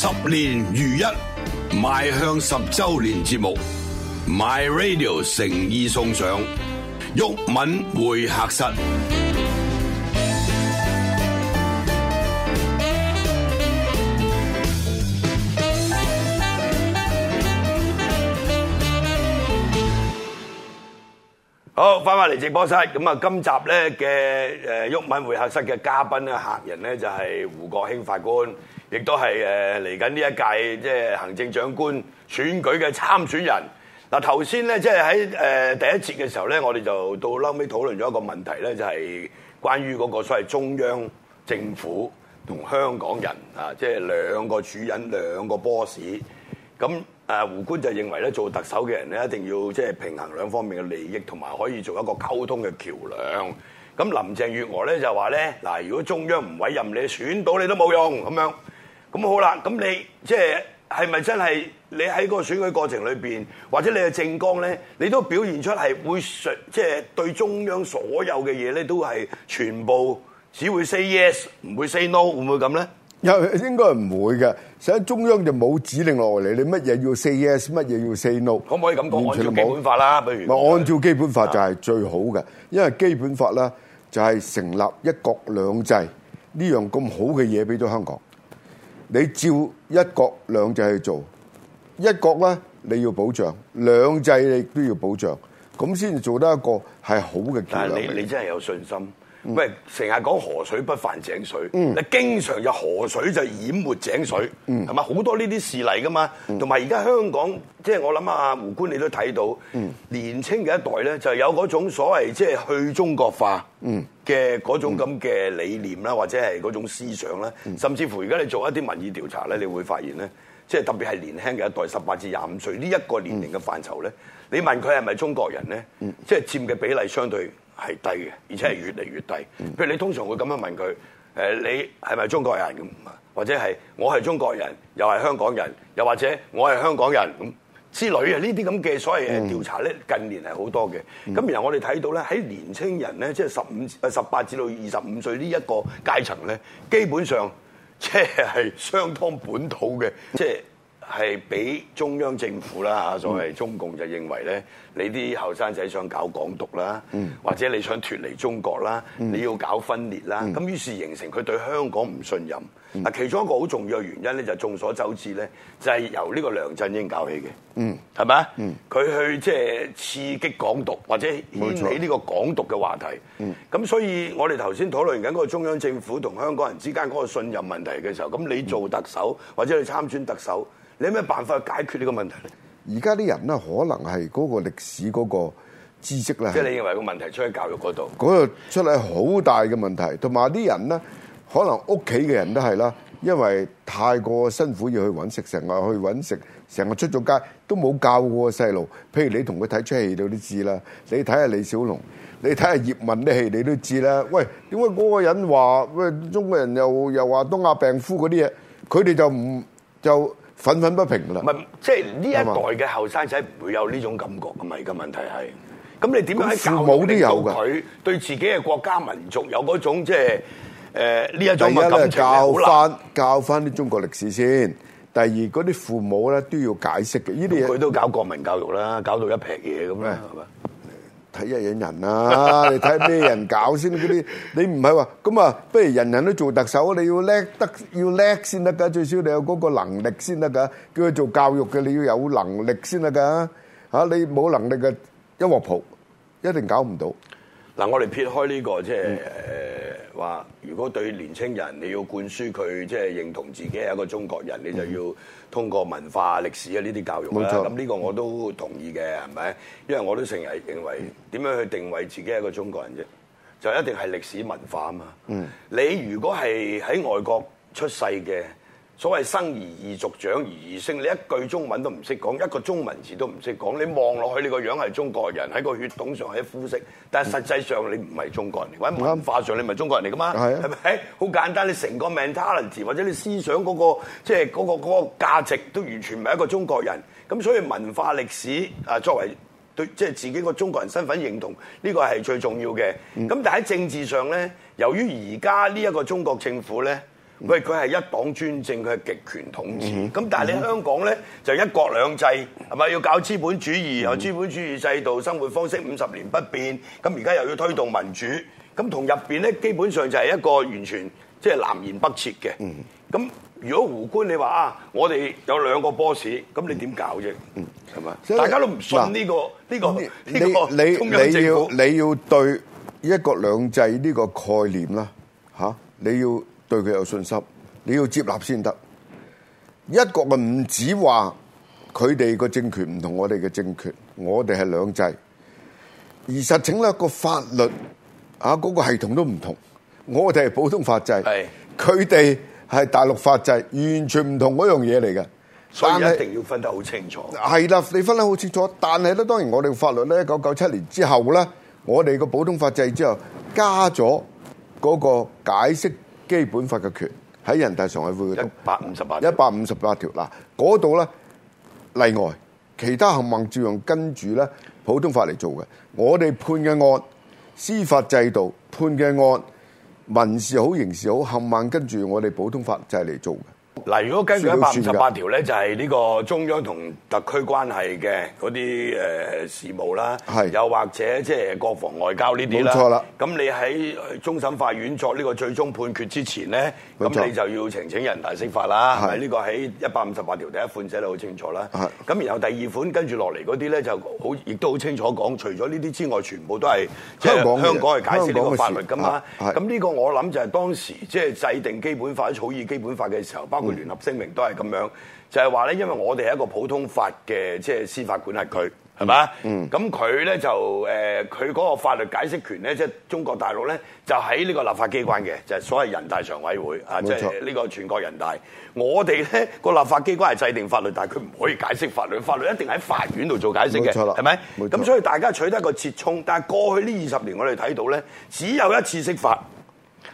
十年如一，邁向十周年節目，My Radio 誠意送上。毓民會客室，好翻返嚟直播室。咁啊，今集咧嘅誒毓民會客室嘅嘉賓咧，客人咧就係胡國興法官。亦都係誒嚟緊呢一屆即係行政長官選舉嘅參選人。嗱頭先咧，即係喺誒第一節嘅時候咧，我哋就到嬲尾討論咗一個問題咧，就係關於嗰個所謂中央政府同香港人啊，即係兩個主人兩個 boss 咁誒，胡官就認為咧做特首嘅人咧，一定要即係平衡兩方面嘅利益，同埋可以做一個溝通嘅橋梁。咁林鄭月娥咧就話咧嗱，如果中央唔委任你選到你都冇用咁樣。咁好啦，咁你即係係咪真係你喺個選舉過程裏邊，或者你係政綱咧，你都表現出係會説，即係對中央所有嘅嘢咧，都係全部只會 say yes，唔會 say no，會唔會咁咧？又應該唔會嘅，其實中央就冇指令落嚟，你乜嘢要 say yes，乜嘢要 say no？可唔可以咁講？完全冇。按照基本法啦，不如按照基本法就係最好嘅，因為基本法啦就係成立一國兩制呢樣咁好嘅嘢俾咗香港。你照一國兩制去做，一國呢你要保障，兩制你都要保障，咁先做得一個係好嘅結局。但係你美你真係有信心？喂，成日講河水不犯井水，你、嗯、經常有河水就淹沒井水，係、嗯、嘛？好多呢啲事例噶嘛。同埋而家香港，即係我諗啊，胡官你都睇到，嗯、年輕嘅一代咧，就有嗰種所謂即係去中國化嘅嗰種咁嘅理念啦，嗯、或者係嗰種思想啦。嗯、甚至乎而家你做一啲民意調查咧，你會發現咧，即係特別係年輕嘅一代，十八至廿五歲呢一個年齡嘅範疇咧。嗯嗯你問佢係咪中國人咧？即係、嗯、佔嘅比例相對係低嘅，而且係越嚟越低。嗯嗯，譬如你通常會咁樣問佢：誒，你係咪中國人咁啊？或者係我係中國人，又係香港人，又或者我係香港人咁之類啊？呢啲咁嘅所謂調查咧，近年係好多嘅。咁然後我哋睇到咧，喺年青人咧，即係十五、十八至到二十五歲呢一個階層咧，基本上即係相當本土嘅，即係係俾中央政府啦嚇，所謂中共、嗯、就認為咧，你啲後生仔想搞港獨啦，嗯、或者你想脫離中國啦，嗯、你要搞分裂啦，咁、嗯、於是形成佢對香港唔信任。嗱，嗯、其中一個好重要嘅原因咧，就眾所周知咧，就係由呢個梁振英搞起嘅，係咪啊？佢、嗯、去即係刺激港獨，或者掀起呢個港獨嘅話題。咁沒錯 所以，我哋頭先討論緊嗰個中央政府同香港人之間嗰個信任問題嘅時候，咁、嗯、你做特首或者你參選特首，你有咩辦法解決呢個問題咧？而家啲人咧，可能係嗰個歷史嗰個知識咧。即係你認為個問題出喺教育嗰度？嗰個出嚟好大嘅問題，同埋啲人咧，可能屋企嘅人都係啦，因為太過辛苦要去揾食，成日去揾食，成日出咗街都冇教過細路。譬如你同佢睇出戲，都知啦。你睇下李小龍，你睇下葉問啲戲，你都知啦。喂，點解嗰個人話，喂，中國人又又話東亞病夫嗰啲嘢，佢哋就唔就。忿忿不平啦，唔係即係呢一代嘅後生仔唔會有呢種感覺噶嘛？而家吧問題係，咁你點樣教佢得到佢對自己嘅國家民族有嗰種即係誒呢一種物？第一教翻教翻啲中國歷史先，第二嗰啲父母咧都要解釋，嘅呢啲佢都搞國民教育啦，搞到一撇嘢咁咧，係嘛麼？睇下下嘢人啦、啊？你睇下咩人搞先？嗰啲你唔係話咁啊？不如人人都做特首？你要叻得要叻先得㗎，最少你有嗰個能力先得㗎。叫佢做教育嘅，你要有能力先得㗎。嚇、啊、你冇能力嘅一鑊蒲一定搞唔到。嗱，我哋撇開呢、呢個即係誒。嗯話如果對年青人你要灌輸佢即係認同自己係一個中國人，你就要通過文化、歷史啊呢啲教育啦。咁呢沒錯 個我都同意嘅，係咪？因為我都成日認為點樣去定位自己係一個中國人啫？就一定係歷史文化啊嘛。嗯，你如果係喺外國出世嘅。所謂生而異族長而異性，你一句中文都唔識講，一個中文字都唔識講，你望落去你個樣係中國人，喺個血統上喺膚色，但係實際上你唔係中國人，或者文化上你唔係中國人嚟噶嘛？係咪沒錯？好簡單，你成個 mentality 或者你思想嗰、嗰個即係嗰個嗰、嗰個嗰個、價值都完全唔係一個中國人。咁所以文化歷史啊作為對即、即係、自己個中國人身份認同呢、呢個係最重要嘅。咁、嗯、但係喺政治上呢，由於而家呢一個中國政府呢。喂，佢係、嗯、一黨專政，佢係極權統治。咁、嗯嗯、但係你在香港咧、嗯、就一國兩制，係咪要搞資本主義？嗯、有資本主義制度、生活方式五十年不變。咁而家又要推動民主，咁同入邊咧基本上就係一個完全即係南轅北轍嘅。咁、就是嗯、如果胡官你話啊，我哋有兩個 boss，咁你點搞啫？係嘛、嗯？大家都唔信呢、呢個呢嗎、呢個呢、呢個你中央政府你要你要對一國兩制呢個概念啦嚇、啊，你要。對佢有信心，你要接納先得。一國唔止話佢哋個政權唔同我哋嘅政權，我哋係兩制，而實情咧個法律啊，嗰個系統都唔同。我哋係普通法制，係。佢哋係大陸法制，完全唔同嗰樣嘢嚟嘅。所以一定要分得好清楚。係啦，你分得好清楚，但係咧當然我哋法律咧，一九九七年之後咧，我哋個普通法制之後加咗嗰個解釋。基本法嘅權喺人大常委會嘅一百五十八一百五十八條。嗱，嗰度咧例外，其他冚唪唥照樣跟住咧普通法嚟做嘅。我哋判嘅案，司法制度判嘅案，民事好，刑事好，冚唪唥跟住我哋普通法制嚟做嘅。嗱，如果根據一百五十八條咧，就係呢個中央同特區關係嘅嗰啲誒事務啦，是 又或者即係國防外交呢啲啦。冇錯啦。咁你喺終審法院作呢個最終判決之前咧，咁沒錯 你就要請請人大釋法啦。係呢是 個喺一百五十八條第一款寫得好清楚啦。咁是 然後第二款跟住落嚟嗰啲咧，就好，亦都好清楚講，除咗呢啲之外，全部都係香港香港係解釋呢個法律㗎嘛。咁呢個我諗就係當時即係制定基本法、是 草擬基本法嘅時候，包括。聯合聲明都係咁樣，就係話咧，因為我哋係一個普通法嘅，即係司法管轄區，係咪？嗯，咁佢咧就誒，佢嗰個法律解釋權咧，即係中國大陸咧，就喺呢個立法機關嘅，就係所謂人大常委會啊，即係呢個全國人大。我哋咧個立法機關係制定法律，但係佢唔可以解釋法律，法律一定喺法院度做解釋嘅，係咪？咁所以大家取得一個切沖，但係過去呢二十年我哋睇到咧，只有一次釋法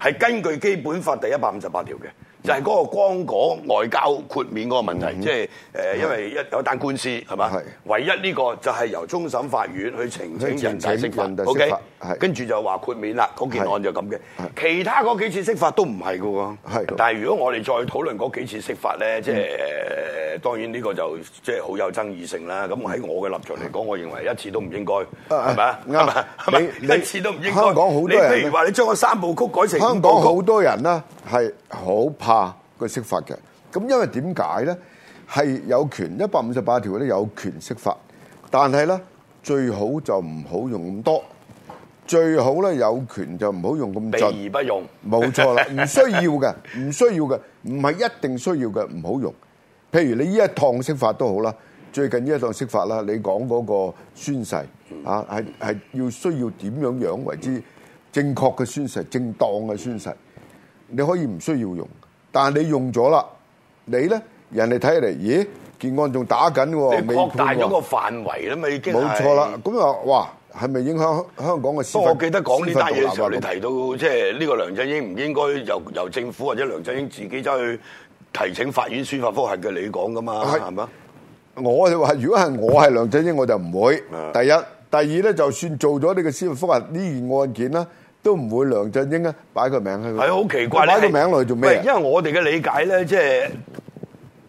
係根據基本法第一百五十八條嘅。就係嗰個剛果外交豁免嗰個問題，嗯、即係誒、呃，因為一是有單官司係嘛，是吧是唯一呢個就係由終審法院去澄清人大釋法，OK，跟住就話豁免啦，嗰件案就咁嘅，其他嗰幾次釋法都唔係嘅喎，是的 但係如果我哋再討論嗰幾次釋法咧，即係。當然呢個就即係好有爭議性啦。咁喺我嘅立場嚟講，我認為一次都唔應該，係咪啊？啱咪？一次都唔應該。香港好多人，你譬如你將個三部曲改成五部曲，香港好多人啦，係好怕個釋法嘅。咁因為點解咧？係有權一百五十八條咧，有權釋法，但係咧最好就唔好用咁多，最好咧有權就唔好用咁盡，備而不用。冇錯啦，唔需要嘅，唔需要嘅，唔係一定需要嘅，唔好用。譬如你呢一趟釋法都好啦，最近呢一趟釋法啦，你講嗰個宣誓啊，係係要需要點樣樣為之正確嘅宣誓、正當嘅宣誓，你可以唔需要用，但係你用咗啦，你咧人哋睇嚟，咦，這個、案件仲打緊喎，擴大咗個範圍啦嘛，已經冇錯啦。咁啊，哇，係咪影響香港嘅事時候？我記得司法獨立？話你提到即係呢個梁振英唔應該由由政府或者梁振英自己走去。提請法院司法複核嘅,你講噶嘛，係嘛是？是嗎我就話如果係我係梁振英，我就唔會。是的 第一、第二咧，就算做咗呢個司法複核呢件案件啦，都唔會梁振英啊擺個名喺度。係好奇怪，擺個名落嚟做咩？的因為我哋嘅理解咧，即係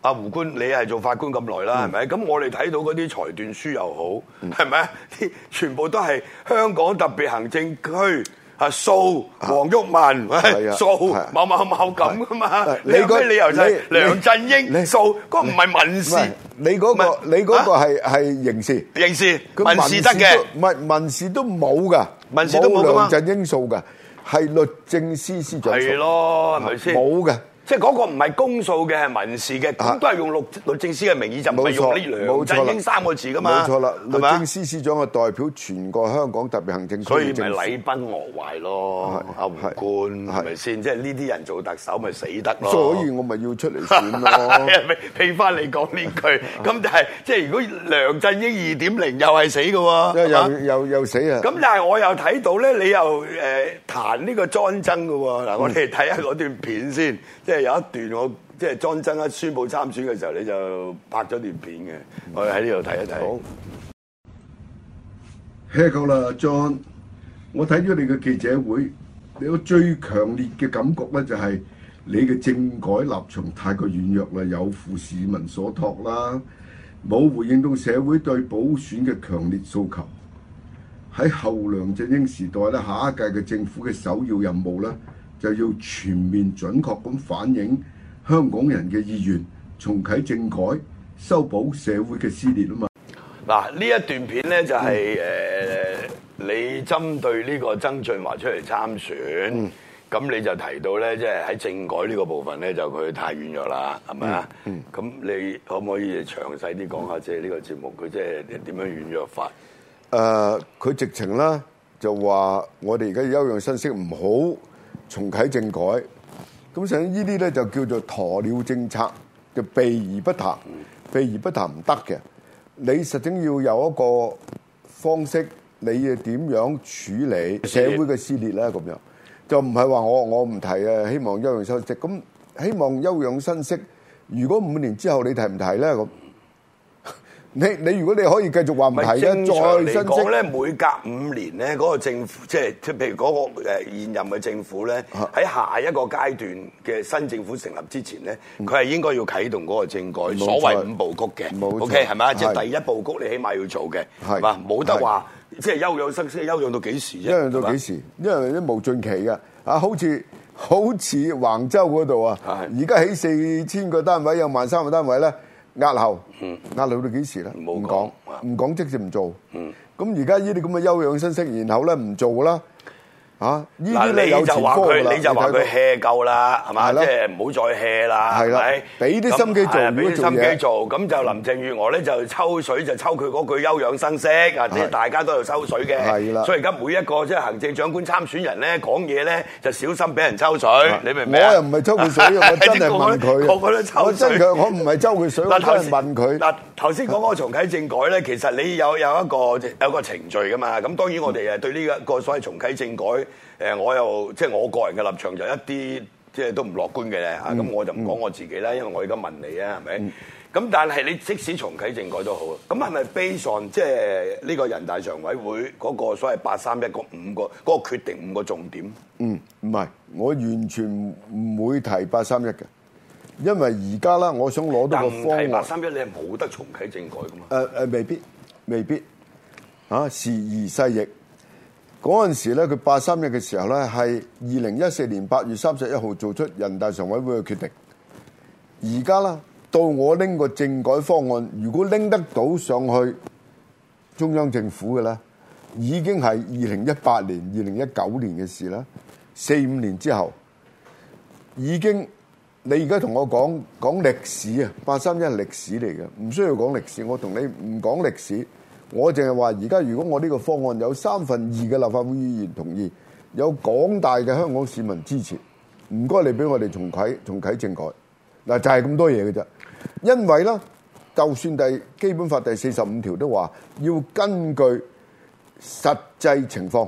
阿胡官，你係做法官咁耐啦，係咪、嗯？咁我哋睇到嗰啲裁斷書又好，係咪、嗯？全部都係香港特別行政區。啊，訴黃毓民，訴某某某某咁噶嘛？你嗰啲理由就係梁振英，訴嗰個唔係民事，你嗰個你嗰個係係刑事，刑事，佢民事得嘅，唔係民事都冇噶，冇梁振英訴嘅，係律政司司長，係咯，係咪先冇嘅。即係嗰個唔係公訴嘅係民事嘅，咁都係用律律政司嘅名義，錯就唔係用李梁振英三個字㗎嘛？冇錯啦，律政司司長啊代表全個香港特別行政區，所以咪禮崩樂壞咯，胡官係咪先？即係呢啲人做特首咪死得咯。所以我咪要出嚟選咯，俾翻你講呢句。咁 但係即係如果梁振英二點零又係死㗎喎，又又又死啊！咁但係我又睇到咧，你又誒談呢個莊爭㗎喎。嗱，我哋睇下嗰段片段、嗯、先，有一段我即係 John Tsang 一宣布參選嘅時候，你就拍咗段片嘅，我哋喺呢度睇一睇、嗯嗯。好，Hello 啦，John ，John, 我睇咗你嘅記者會，你個最強烈嘅感覺咧，就係你嘅政改立場太過軟弱啦，有負市民所託啦，冇回應到社會對補選嘅強烈訴求。喺後梁振英時代咧，下一屆嘅政府嘅首要任務咧。就要全面準確咁反映香港人嘅意願，重啟政改，修補社會嘅撕裂啊嘛！嗱，呢一段片咧就係、是、誒、嗯呃，你針對呢個曾俊華出嚟參選，咁、嗯、你就提到咧，即係喺政改呢個部分咧，就佢太軟弱啦，係咪啊？咁吧、嗯、你可唔可以詳細啲講下，即係呢個節目佢即係點樣軟弱法？誒、呃，佢直情啦，就話我哋而家休養生息唔好。重啟政改，咁所以呢啲咧就叫做鴕鳥政策，就避而不談，避而不談唔得嘅。你實正要有一個方式，你要點樣處理社會嘅撕裂咧？咁樣就唔係話我我唔提呀，希望休養生息。咁希望休養生息，如果五年之後你提唔提咧咁？你你如果你可以繼續話問題，正新政講嚟講咧，每隔五年咧，嗰個政府即係譬如嗰個誒現任嘅政府咧，喺下一個階段嘅新政府成立之前咧，佢係、嗯、應該要啟動嗰個政改，錯所謂五部曲嘅，OK 係嘛？是即係第一步曲，你起碼要做嘅，係嘛是？冇得話是即係休養生息，休養到幾時？休養到幾時？吧因養都無盡期嘅。啊，好似好似杭州嗰度啊，而家喺四千個單位，有萬三個單位咧。押後，押、嗯、到到幾時呢？唔講，唔講即係唔做。咁而家呢啲咁嘅休養生息，然後呢，唔做啦。啊！嗱，你就話佢，你就話佢 hea 夠啦，係嘛？即係唔好再 hea 啦，係咪？俾啲心機做，俾啲心機做，咁就林鄭月娥咧就抽水，就抽佢嗰句休養生息啊！即係大家都有抽水嘅，係啦。所以而家每一個即係行政長官參選人咧講嘢咧，就小心俾人抽水。你明唔明？我又唔係抽佢水，我真係問佢。我真佢，我唔係抽佢水，我真係問佢。嗱頭先講嗰個重啟政改咧，其實你有有一個有個程序㗎嘛。咁當然我哋誒對呢個個所謂重啟政改。我又即係我個人嘅立場就一啲即係都唔樂觀嘅呢。咁、嗯、我就唔講我自己啦，嗯、因為我而家問你啊，係咪？咁、嗯、但係你即使重啟政改都好，咁係咪非常即係呢個人大常委會嗰個所謂八三一嗰五個嗰、嗰個決定五個重點？嗯，唔係，我完全唔會提八三一嘅，因為而家啦，我想攞到個方案唔提八三一，你係冇得重啟政改噶嘛、呃呃？未必，未必，嚇、啊、時移世易。嗰陣時咧，佢八三一嘅時候咧，係二零一四年八月三十一號做出人大常委會嘅決定。而家啦，到我拎個政改方案，如果拎得到上去中央政府嘅啦，已經係二零一八年、二零一九年嘅事啦，四五年之後已經你現在跟。你而家同我講講歷史啊，八三一係歷史嚟嘅，唔需要講歷史。我同你唔講歷史。我淨係話，而家如果我呢個方案有三分二嘅立法會議員同意，有廣大嘅香港市民支持，唔該你俾我哋重啟、重啟、政改。嗱，就係咁多嘢嘅啫。因為咧，就算第基本法第四十五條都話要根據實際情況。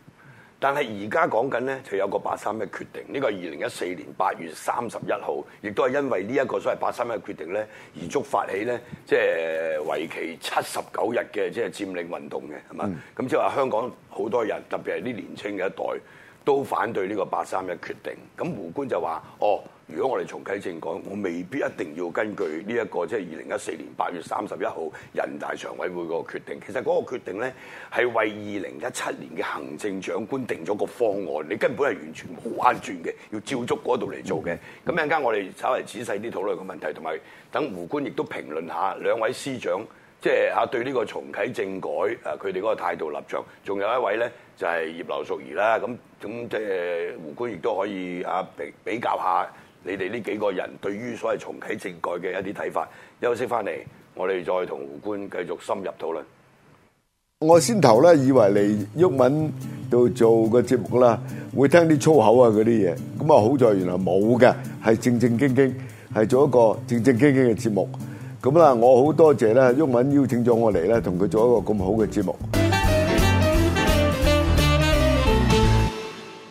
但係而家講緊呢，就有個八三一決定，呢個二零一四年八月三十一號，亦都係因為呢一個所謂八三一決定呢，而觸發起呢，即係為期七十九日嘅即係佔領運動嘅，係嘛？咁即係話香港好多人，特別係啲年青嘅一代，都反對呢個八三一決定。咁胡官就話：，哦。如果我哋重啟政改，我未必一定要根據呢一個即係二零一四年八月三十一號人大常委會個決定。其實嗰個決定呢，係為二零一七年嘅行政長官定咗個方案，你根本係完全冇彎轉嘅，要照足嗰度嚟做嘅。咁陣間我哋稍微仔細啲討論個問題，同埋等胡官亦都評論下兩位司長，即係嚇對呢個重啟政改啊，佢哋嗰個態度立場。仲有一位呢，就係葉劉淑儀啦。咁咁即係胡官亦都可以啊比比較下。你哋呢幾個人對於所謂重啟政改嘅一啲睇法，休息翻嚟，我哋再同胡官繼續深入討論。我先頭咧以為嚟毓民度做個節目啦，會聽啲粗口啊嗰啲嘢，咁啊好在原來冇嘅，係正正經經，係做一個正正經經嘅節目。咁啦，我好多謝咧毓民邀請咗我嚟咧，同佢做一個咁好嘅節目。